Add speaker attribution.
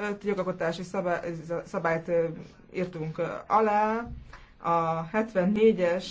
Speaker 1: öt jogalkotási szabály, szabályt írtunk alá, a 74-es